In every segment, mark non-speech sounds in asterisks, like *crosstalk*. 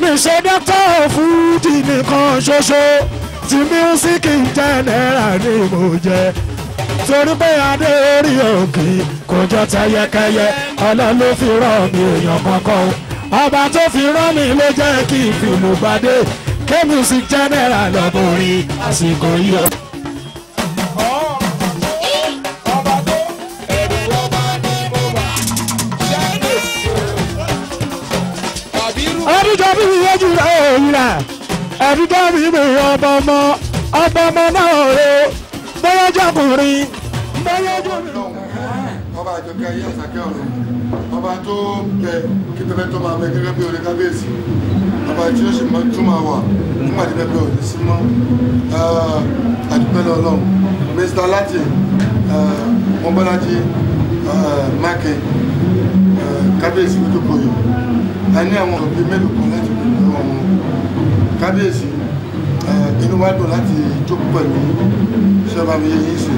níṣe dókítà fújì nìkan ṣoṣo tí mísíkì jẹ́ náírà ni mo jẹ torí pé adé orí òkè kò jọ tẹyẹkẹyẹ ọlọ́run ló fi rán mi èèyàn kankan ọba tó fi rán mi ló jẹ́ kí n fi mú bàdé kémi sì jẹ́ náírà lọ́bùnrin àsìkò yìí. ẹ̀rí dẹ́rù ìwé ọmọ ọmọ ọmọ ọmọ náà o bóyá jọkùnrin bóyá jọkùnrin. ọba àjọkẹ́ ayé àsàkẹ́ ọ̀run ọba tó bẹ kí pẹpẹ tó máa bẹ gẹ́gẹ́ bí orin kábíyèsí ọba tí ó sì mọ túmọ̀ wà nígbà tí pẹpẹ ò ní sí mọ́ ah, àdúpẹ́lẹ́ ọlọ́run Mr. Latin ah, mọ́bọ́lájí ah, mákẹ́ kábíyèsí lójú kòyò a ní àwọn òbí mélòó kan láti kábíyèsí inú wa dùn láti jókòó pẹ̀lú sọ́ba mi yé yín sí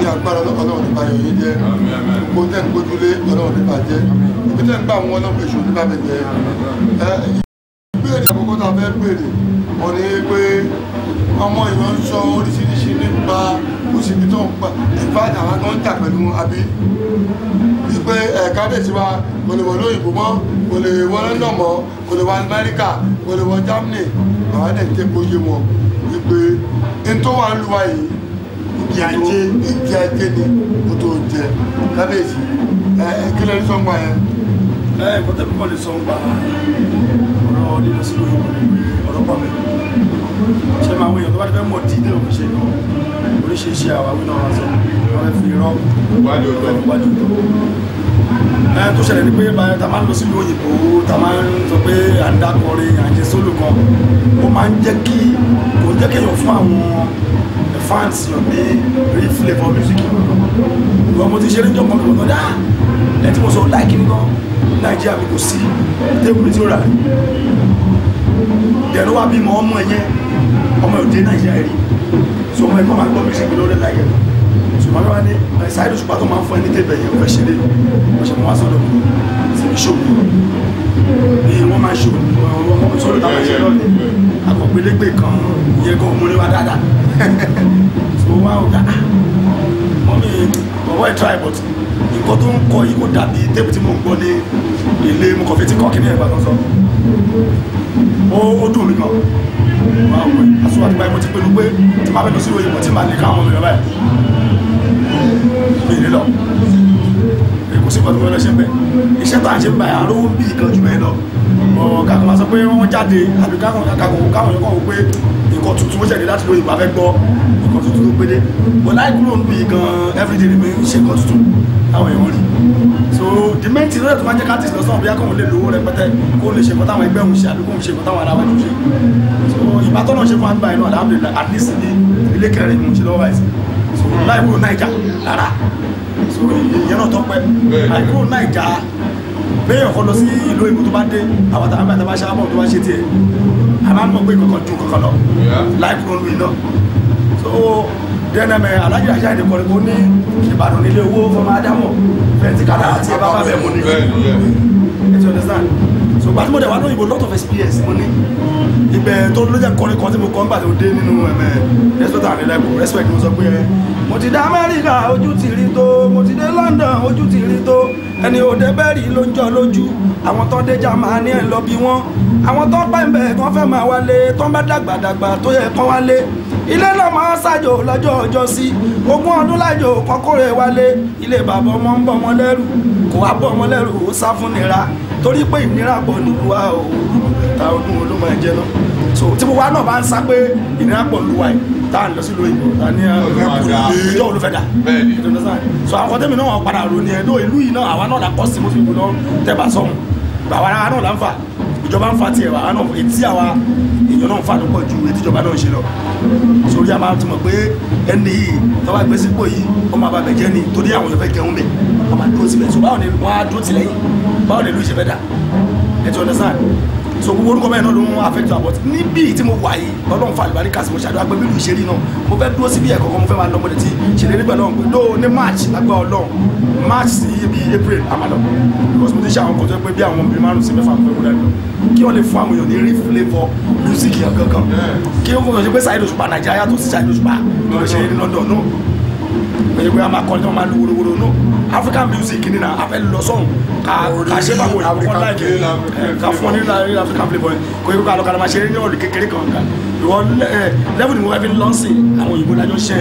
ní agbára ọlọ́run nípa yọ̀ yín jẹ́ kó tẹ̀ ń gbójúlé ọlọ́run nípa jẹ́ kó tẹ̀ ń gbà wọn ọlọ́run èso nípa mi jẹ́ ìbéèrè àkọ́kọ́ tá a fẹ́ béèrè wọ́n ní pé ọmọ ìran sọ oríṣiríṣi nípa kò síbi tó ń wa tó ń tà pẹ̀lú àbí wípé ẹ̀ka bèsì wa kò lè wọ lóyìnbó mọ́ kò lè wọ London mọ́ kò lè wọ Amẹ́ríkà kò lè wọ Germany àwọn ẹ̀dẹ̀ tẹ́ gbóyè wọn wípé ntọ́ wa lu wa yìí ìdí ajé ìdí ajé ni kò tó jẹ kábèsì ẹ̀ kílẹ̀ ní sọ́ngbà yẹn. ẹ̀ kọ́tẹ́ púpọ̀ ní sọ́ngbà ọmọ ọdún lọ sí lóyún ọ̀rọ̀ pọ̀ ṣe máa wọ èèyàn tó bá fẹ́ mọ̀ dídé òfin ṣe lọ oríṣiríṣi àwáwí náà wá sọ wọn fi rọ́ wájú ọ̀tọ̀ wájú ọ̀tọ̀ ẹ tó ṣẹlẹ̀ ní pé ta máa ń lọ sílùú òyìnbó ta máa ń sọ pé à ń sólù kan ó máa ń jẹ́ kí kò jẹ́ kéèyàn fún àwọn fans yàn ní real flavour music ìwọ mo ti ṣe ní jọ́kọ́ mi lọ́dọ̀ dá ẹ tí mo sọ láìkí nìkan nàìjíríà mi kò sí tébùlù tí ó rà dẹ̀rọ wa bímọ ọmọ ẹ̀yẹ ọmọ òde nàìjíríà rí so ọmọ ẹ̀kọ́ máa gbọ́ mi ṣègbè lórí láyé ṣùgbọ́n wá ní ṣáìdù ṣùgbọ́n tó máa ń fún ẹni tẹ́bẹ̀ yẹn fẹ́ ṣe lé wọ́n ṣe mú wá sọ́dọ̀ mi sí mi ṣòwò ní wọ́n máa ṣòwò ọmọ sọ́dọ̀ táwọn ṣe lọ́ọ̀ni àkọ́gbélégbè kan yẹ kó múlé wá dáadáa *laughs* so wá ọ̀gá ah, mọ́mí ọ̀wọ́ ẹ̀ tíráìbọ̀tì nǹkan tó ń kọ yìí kò dàbí tébù tí mo ń gbọ́ ní ilé mo kàn fi ti kọ́ kí ní ẹ̀gbà kan sọ ó dùn mí gan máa wọ aṣọ àti báyìí mo ti pinnu pé tí máa fẹ́ lọ sí ìròyìn mo ti máa lè ká àwọn obìnrin báyìí mi ì lọ kò sí ìkọ̀tún ọlọ́ṣẹ́ bẹ̀ iṣẹ́ tó à ń ṣe báyà ló ń bí ìkan jù lọ kàkọ́ máa sọ pé wọ́n jáde àbí káwọn yọkọ̀ wò pé ikọ̀ tuntun ó ṣẹ̀dé láti lóyún ìgbà fẹ́ gbọ́ ikọ̀ tuntun ló pédé but láì kúrò ń bi gan everyday rẹ̀ ṣe ikọ̀ tuntun táwọn èèyàn rí so the main thing lọ́dọ̀ tó máa jẹ́ káàtì lọ́sàn án bí akọ̀wé lè lówó rẹpẹtẹ kó lè ṣe nǹkan táwọn ẹgbẹ́ òun ṣe àbí kó ṣe nǹkan táwọn ará ṣe so ìgbà tọ́nà ṣe fún àgbà inú alhamdulillah at least ní ilé kẹrin mò ń ṣe lọ́wọ́ àìsàn so láì ìlú èkó a pé kankan ju kankan lọ láì kúrò lóyún so dẹ́nẹ́mẹ um, alájọ ajá ìdè kọ́ni kò ní ìbàdàn nílé owó fọmọ adámọ̀ fẹ́ntì kàdá àti ẹ̀bá bá bẹ̀ mọ́ ni you understand so gbàtí mo dẹ̀ wá ní òyìnbó lot of experience mo ní ibẹ̀ tó ló jẹ́ kọ́ni kan tí mo kọ́ nígbà tó dé nínú ẹ̀mẹ̀ um, respect and reliable respect mo sọ pé mo ti dé Amẹ́ríkà ojú ti rí tó mo ti dé London ojú ti rí tó ẹni òde bẹ́ẹ̀rì ló ń jọ lójú àwọn tó déjà máa ní ẹ̀ lọ bí wọ́n àwọn tó pẹ́ ń bẹ̀ kán fẹ́ máa wálé tó ń bá dàgbàdàgbà tó yẹ kán wálé ilé náà máa ṣàjò lọ́jọ́ ọjọ́ sí ogún ọdún lájò kọ́kọ́rẹ́ wálé ilé bàbá ọmọ ń bọ̀ ọmọ lẹ́rù kò wá bọ̀ ọmọ lẹ́rù ó sá fún nira torí pé ìnira pọ̀ nìlúwa o ta ọdún ló máa jẹ́ náà so tí mo wá náà bá ń sá pé ìnira pọ̀ nìlúwa yìí tá à ń lọ sílùú òyìnbó tá ní ìjọ uh, olùfẹ́dà so àwọn tẹ́mi náà padà rò ní ẹ̀ ló ìlú yìí náà àwa náà la kọ́ sí mo fi wù náà tẹ́ bá sọ̀rọ̀ bàbá náà là ń fà ìjọba ń fa tiẹ̀ wá etí àwa èèyàn náà ń fa tó pọ̀ ju etí ìjọba náà ń ṣe lọ sórí àmà tó pé ẹni yìí tọ́ba gbé sípò yìí wọ́n máa bá ni torí àwọn èèyàn fẹ́ jẹun bẹ̀ wọ́n máa dúró síbẹ̀ so ni wọ́n á dúró tilẹ̀ yìí báwo ni ìlú ìṣẹ̀fẹ́ dà ẹ̀ tí wọ́n dẹ̀ so gbogbo orúkọ mẹ́rin náà ló ń affect am but níbi tí mo wà yìí ọlọ́run fa àlùbáríkà sí mo ṣàdúrà pé bílù ìṣeré náà mo fẹ́ dúró síbi ẹ̀kọ́ kan mo fẹ́ máa lọ mọ̀lẹ́tì ṣèlérí nígbà náà pé lóò ní march lágbà ọlọ́run march sí ibi april àmàlọ́ because mo ti ṣe àwọn kan tó pé bí àwọn obìnrin márùn sí mẹ́fà mo fẹ́ kó dàgbà kí wọ́n lè fún àwọn èèyàn ní rí flavour music yẹn gangan kí wọ́n fọwọ́ ṣe pé Saheed Òṣùpá Nàìjíríà yàtọ̀ sí Saheed Òṣùpá tó ṣe ní London náà pẹ̀lú pé a máa kọrin tí wọ́n máa lu worowóró nù African music ni na a fẹ́ lọ sọ́hún ka ka ṣe bá wọ̀ ẹ̀kọ́ láì kẹ́ ka fún ọ ní African playboy kò yẹ kó alọ́ kalama ṣe ní ọ̀lù kékeré kan kan ìwọ eh, level ni mo fẹ́ fi lọ́ọ̀sì àwọn òyìnbó lájọ ṣẹ́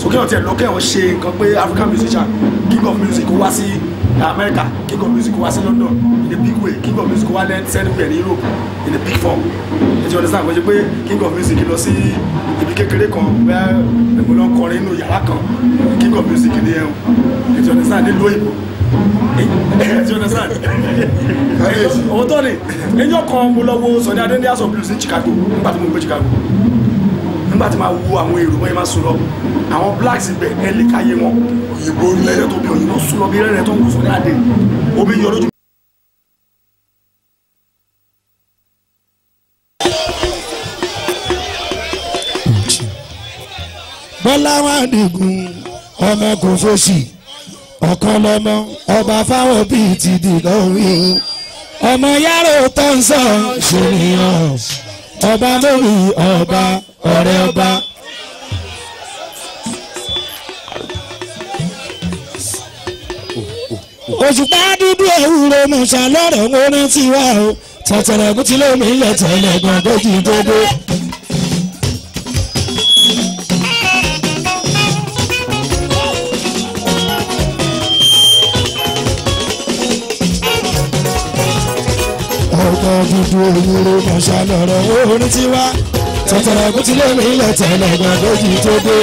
sókè ọ̀tí ẹ̀ lọ́kẹ́ ọ̀ ṣe nǹkan pé African musician king of music wá sí America king of music wá sí London in a big way king of music wá sẹ́nìwẹ̀ ní Europe in a big form ẹ ti understand wọ́n ṣe pé king of music lọ sí ibi kékeré kan bẹ́ẹ̀ ẹ̀gbọ́n lọ kọrin inú yàrá kan king of music ní ẹ̀hún ẹ ti understand nílùú òyìnbó ẹ ti understand òótọ́ ni ẹjọ́ kan mo lọ wo Sunny Adé ní house of blues ní Chicago nígbà tí mo gbé Chicago nígbà tí máa wo àwọn èrò wọn yẹn máa sùn lọ àwọn blacks bẹ ẹlẹ́kàyé wọn òyìnbó lẹ́rẹ́ tó bí òyìnbó sùn lọ bí rẹ́rẹ́ tó ń wù ní àdé omi yọ lójú. bọ́lá wa dìgún ọmọ kò fòṣì ọ̀kan lọ́mọ ọba fáwọn bíi ti dì lọ́hùn-ún ọmọ yàrá ò tán sàn ṣèléràn ọba lórí ọba ọ̀rẹ́ ọba. òṣùpá dúdú ewúro musa lọ́rọ̀ ń orin tiwa o tẹ̀tẹ̀rẹ̀ kùtì lómi ilẹ̀ tẹ̀lẹ̀ gbọ̀ngàn jù tó dé. wúrúwúrú mọ̀ṣá lọ́rọ̀ orin tiwa tọ̀tọ̀rọ̀ kú mi ilẹ̀ tẹ̀lẹ̀ gbàgbọ́jì tó dé.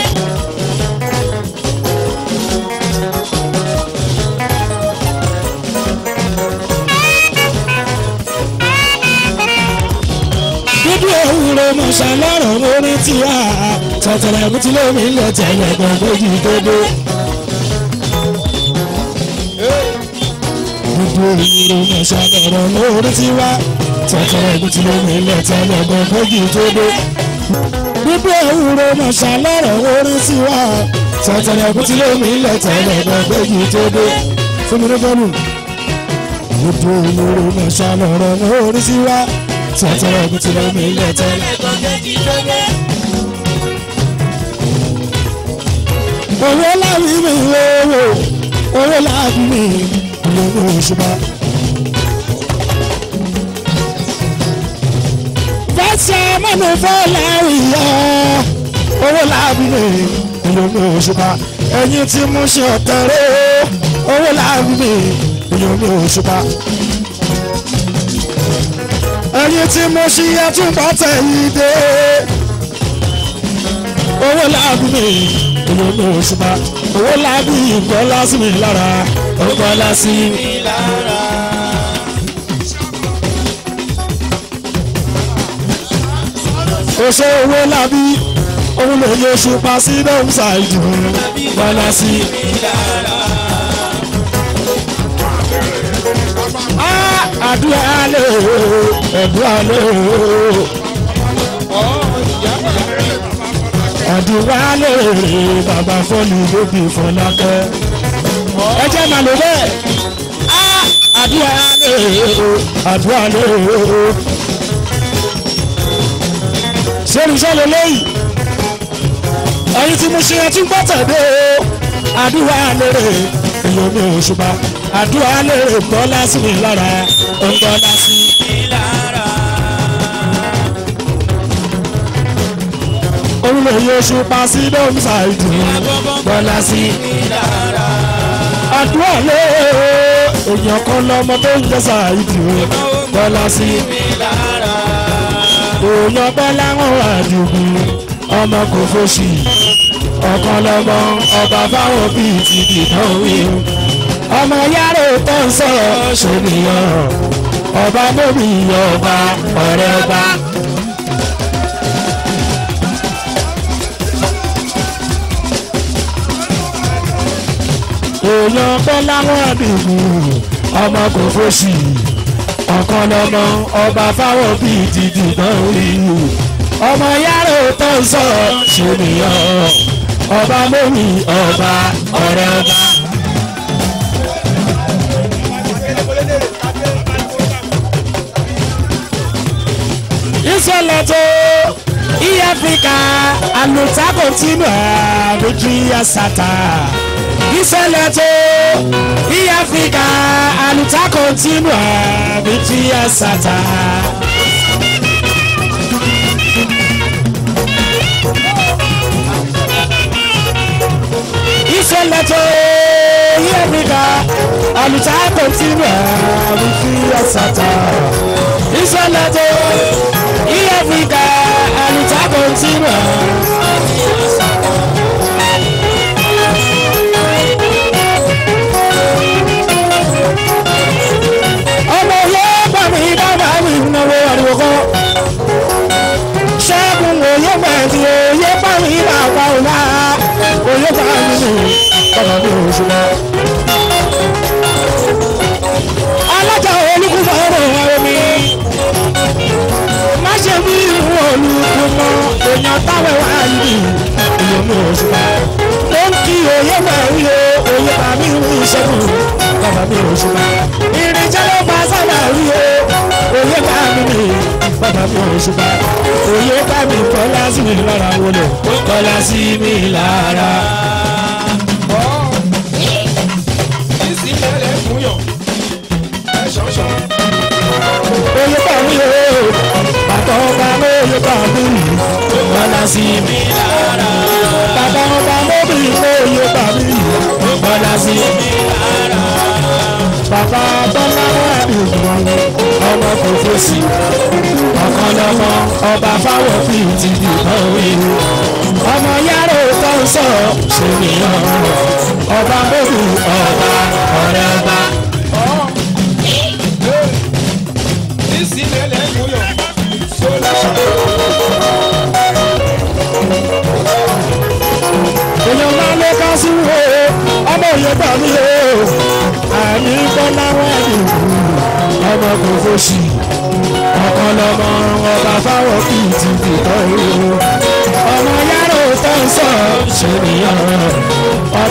dúdú òwúrọ̀ mọ̀ṣá lọ́rọ̀ orin tiwa tọ̀tọ̀rọ̀ kú mi ilẹ̀ tẹ̀lẹ̀ gbàgbọ́jì tó dé. dúdú òwúrọ̀ mọ̀ṣá lọ́rọ̀ orin tiwa tọ́tọ́rọ ibi tí lómi ilẹ̀ tí ọlọ́gbọ́n gbógi tó dé. bíbí ewúro mọ̀ṣá lọ́rọ̀ orin sí wa tọ́tọ́rọ ibi tí lómi ilẹ̀ tí ọlọ́gbọ́n gbógi tó dé. fún mi ní bọ́ọ̀lù. bíbí ewúro mọ̀ṣá lọ́rọ̀ orin sí wa tọ́tọ́rọ ibi tí lómi ilẹ̀ tí ọlọ́gbọ́n gbógi tó dé. owó láwí mi lówó owó láwí mi lówó òṣùpá. mi fẹ́ láwìyá owó lábìlẹ̀ ìyọ̀mí òṣùpá ẹ̀yìn tí mo ṣe ọ̀tẹ̀rẹ̀ owó lábìlẹ̀ ìyọ̀mí òṣùpá ẹ̀yìn tí mo ṣe ẹtúbọ̀ tẹ̀yìn dé owó lábìlẹ̀ ìyọ̀mí òṣùpá owó lábìlẹ̀ ìgbọ́lá sí mi lára ìgbọ́lá sí mi lára. oṣó owó lábí òun lè yẹ oṣù pa sí dọ́hùn ṣáìdì bọ́lá sí. àdúrà lè ẹ̀dúrà lè àdúrà lè bàbá fọ́ọ̀lù lóbi fọlákẹ́. ẹ jẹ́ màlúù bẹ́ẹ̀ àdúrà lè àdúrà lè ṣerúṣẹ́ lélẹ́yìí ẹ̀yin tí mo ṣe ẹ tún gbọ́tàdé o àdúrà lèrè èèyàn mi ò ṣùgbọ́n àdúrà lèrè bọ́lá sí mi lára ó ń bọ́lá sí mi lára. orúlé yóò ṣùpá sí dome ṣáìdì bọ́lá sí mi lára. àdúrà lèrè èèyàn kan lọmọ tó ń jẹ ṣáìdì bọ́lá sí mi lára kò yọgbẹ́ láwọn àdùgbù ọmọ kò fòṣì ọ̀kan lọ́mọ ọba fáwọn bíi ti dìtàn wíwú ọmọ yàrá tó ń sọ ṣòmìyàn ọba lórí ọba ọ̀rẹ́ ọba. kò láwọn àdùgbù ọmọ kò fòṣì ọ̀kan lọ́mọ ọba fáwọn bíi dìdì náà rí i ọmọ yàrá òótọ́ sọ ṣènìyàn ọba mọ́mí ọba ọ̀rẹ́ ọba. ìṣẹ̀lẹ̀ tó e Africa and Otago tí nù àbójú yà sátà ìṣẹ̀lẹ̀ tó ní áfíríkà àlùtà kọ́ńtínú àbí tí a ṣàtà. ìṣẹ̀lẹ̀ tó ní áfíríkà àlùtà kọ́ńtínú àbí tí a ṣàtà. ṣùgbọ́n. alájà olùkú fọwọ́ wa omi má ṣe bí ìwọ olùkú mọ èèyàn táwọn wá yìí ìyẹn mi ò ṣùgbọ́n. ó ń kí òye wẹ̀ wíyẹ òye bá mi ń ṣẹ́gun bàbá mi ò ṣùgbọ́n. irinṣẹ́ ló bá sábà wíyẹ òye bá mi nìyí bàbá mi ò ṣùgbọ́n òye bá mi kọ́lá sí mi lára wọlé kọ́lá sí mi lára. station. Olùkọ́ mi yóò bàtà ọba olùkọ́ mi bọ́lá sí mi lára. Bàtà ọba mọ́bìlì olùkọ́ mi bọ́lá sí mi lára. Bàbá Bọ́lá wà ní ìwọ̀n ọmọ fòfò sí. Ọ̀kan lọ́mọ ọba fáwọ̀ fi ti dìbọn wí. Ọmọ yàrá òótọ́ ń sọ̀rọ̀ ṣèmíyàn. Ọba mọ́bìlì ọba ọ̀rẹ́ ọba. èèyàn máa ló ká sí wo ọmọ òye gbà mí o àmì bọ́lá wọn ni ọmọ kò fòṣì ọ̀kan lọ́mọ ọba fáwọn kì í ti dìtọ́ ìró ọmọ yàrá ò tán sọ ṣe nìyàrá.